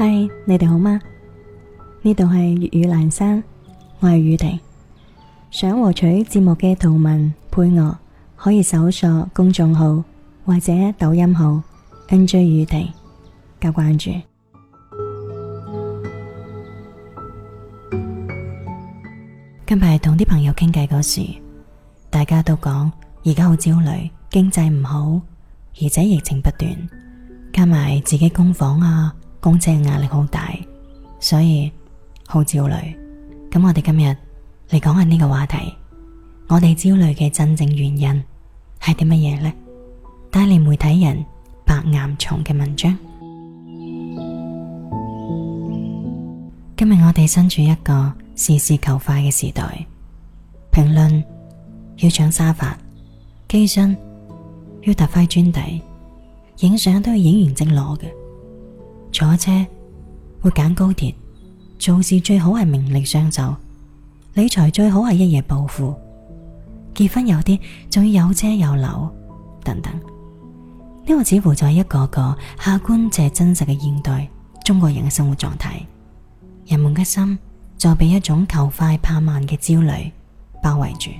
嗨，Hi, 你哋好嗎？呢度係粵語闌珊，我係宇婷。想獲取節目嘅圖文配樂，可以搜索公眾號或者抖音號 NJ 宇婷加關注。近排同啲朋友傾偈嗰時，大家都講而家好焦慮，經濟唔好，而且疫情不斷，加埋自己供房啊。公車壓力好大，所以好焦慮。咁我哋今日嚟講下呢個話題，我哋焦慮嘅真正原因係啲乜嘢呢？帶嚟媒體人白岩松嘅文章。今日我哋身處一個事事求快嘅時代，評論要搶沙發，寄信要特快專遞，影相都要影完即攞嘅。坐車會揀高鐵，做事最好係名利雙收，理財最好係一夜暴富，結婚有啲仲要有車有樓等等。呢個似乎就係一個個客觀，且真實嘅現代中國人嘅生活狀態。人們嘅心就被一種求快怕慢嘅焦慮包圍住。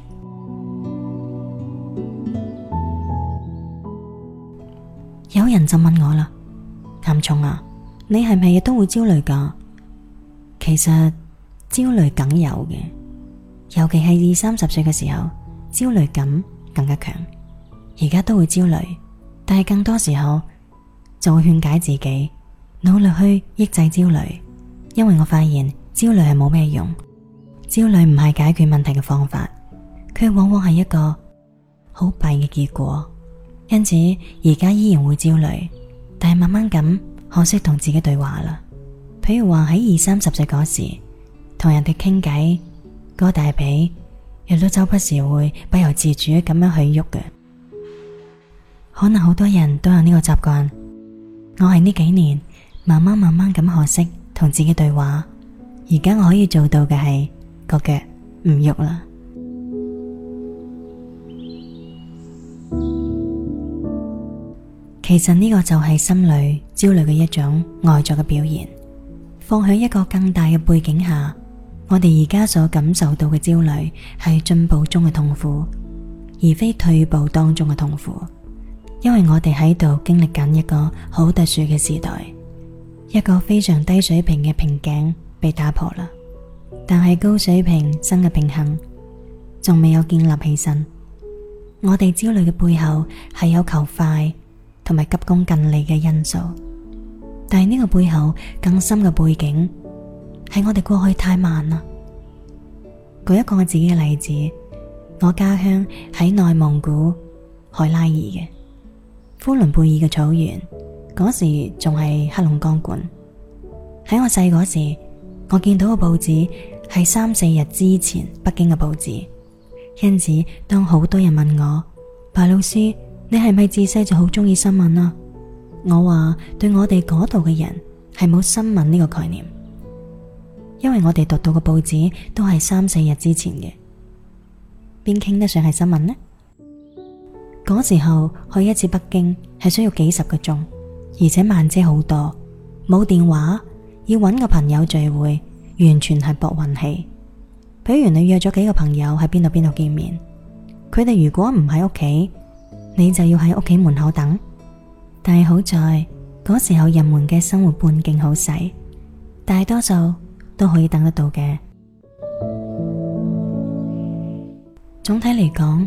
有人就問我啦，岩松啊！你係咪亦都會焦慮㗎？其實焦慮梗有嘅，尤其係二三十歲嘅時候，焦慮感更加強。而家都會焦慮，但係更多時候就會勸解自己，努力去抑制焦慮，因為我發現焦慮係冇咩用，焦慮唔係解決問題嘅方法，佢往往係一個好弊嘅結果。因此而家依然會焦慮，但係慢慢咁。學識同自己對話啦，譬如話喺二三十歲嗰時，同人哋傾偈，個大髀亦都周不時會不由自主咁樣去喐嘅，可能好多人都有呢個習慣。我係呢幾年慢慢慢慢咁學識同自己對話，而家我可以做到嘅係個腳唔喐啦。其實呢個就係心裏焦慮嘅一種外在嘅表現。放喺一個更大嘅背景下，我哋而家所感受到嘅焦慮係進步中嘅痛苦，而非退步當中嘅痛苦。因為我哋喺度經歷緊一個好特殊嘅時代，一個非常低水平嘅瓶頸被打破啦，但係高水平新嘅平衡仲未有建立起身。我哋焦慮嘅背後係有求快。同埋急功近利嘅因素，但係呢個背後更深嘅背景係我哋過去太慢啦。舉一個我自己嘅例子，我家鄉喺內蒙古海拉爾嘅呼倫貝爾嘅草原，嗰時仲係黑龍江管。喺我細嗰時，我見到嘅報紙係三四日之前北京嘅報紙，因此當好多人問我白老師。你係咪自細就好中意新聞啊？我話對我哋嗰度嘅人係冇新聞呢個概念，因為我哋讀到嘅報紙都係三四日之前嘅，邊傾得上係新聞呢？嗰時候去一次北京係需要幾十個鐘，而且慢車好多，冇電話，要搵個朋友聚會，完全係搏運氣。比如你約咗幾個朋友喺邊度邊度見面，佢哋如果唔喺屋企。你就要喺屋企門口等，但係好在嗰時候人們嘅生活半徑好細，大多數都可以等得到嘅。總體嚟講，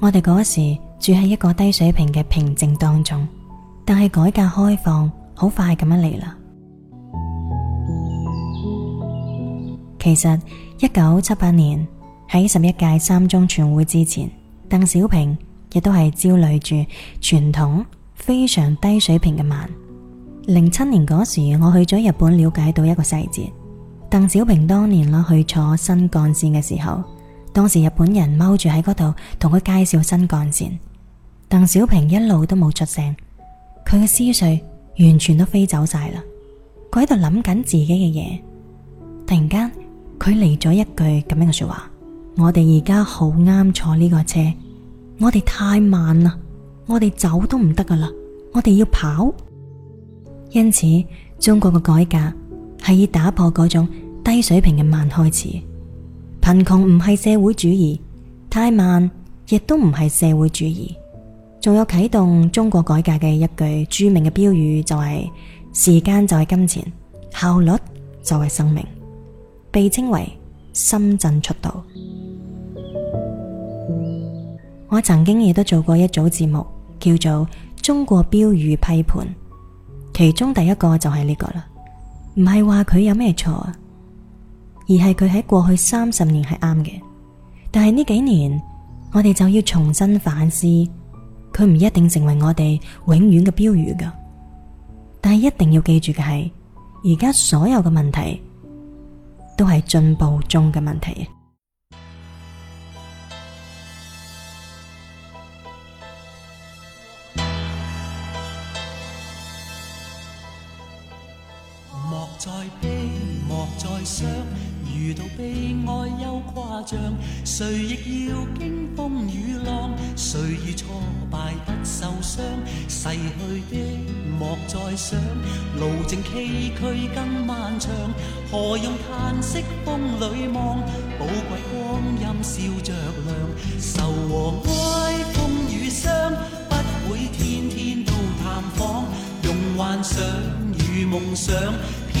我哋嗰時住喺一個低水平嘅平靜當中，但係改革開放好快咁樣嚟啦。其實一九七八年喺十一屆三中全會之前，鄧小平。亦都係焦慮住傳統非常低水平嘅慢。零七年嗰時，我去咗日本了解到一個細節。鄧小平當年啦去坐新幹線嘅時候，當時日本人踎住喺嗰度同佢介紹新幹線。鄧小平一路都冇出聲，佢嘅思緒完全都飛走晒啦。佢喺度諗緊自己嘅嘢。突然間，佢嚟咗一句咁樣嘅說話：我哋而家好啱坐呢個車。我哋太慢啦，我哋走都唔得噶啦，我哋要跑。因此，中國嘅改革係以打破嗰種低水平嘅慢開始。貧窮唔係社會主義，太慢亦都唔係社會主義。仲有啟動中國改革嘅一句著名嘅標語就係：時間就係金錢，效率就係生命，被稱為深圳速度。我曾經亦都做過一組節目，叫做《中國標語批判》，其中第一個就係呢個啦。唔係話佢有咩錯啊，而係佢喺過去三十年係啱嘅。但係呢幾年，我哋就要重新反思，佢唔一定成為我哋永遠嘅標語噶。但係一定要記住嘅係，而家所有嘅問題都係進步中嘅問題。悲莫 再傷，遇到悲哀又誇張，誰亦要經風雨浪，誰遇挫敗不受傷。逝去的莫再想，路正崎嶇更漫長。何用嘆息風裏望，寶貴光陰笑着亮。愁和哀風雨傷，不會天天都探訪。用幻想與夢想。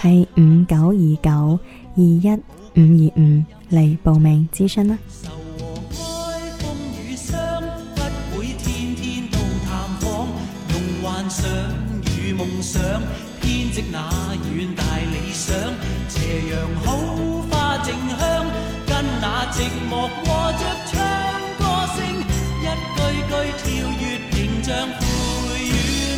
係五九二九二一五二五嚟報名諮詢啦！愁和哀風雨傷，不會天天都探訪，用幻想與夢想編織那遠大理想，斜陽好花正香，跟那寂寞和著唱，歌聲一句句跳躍背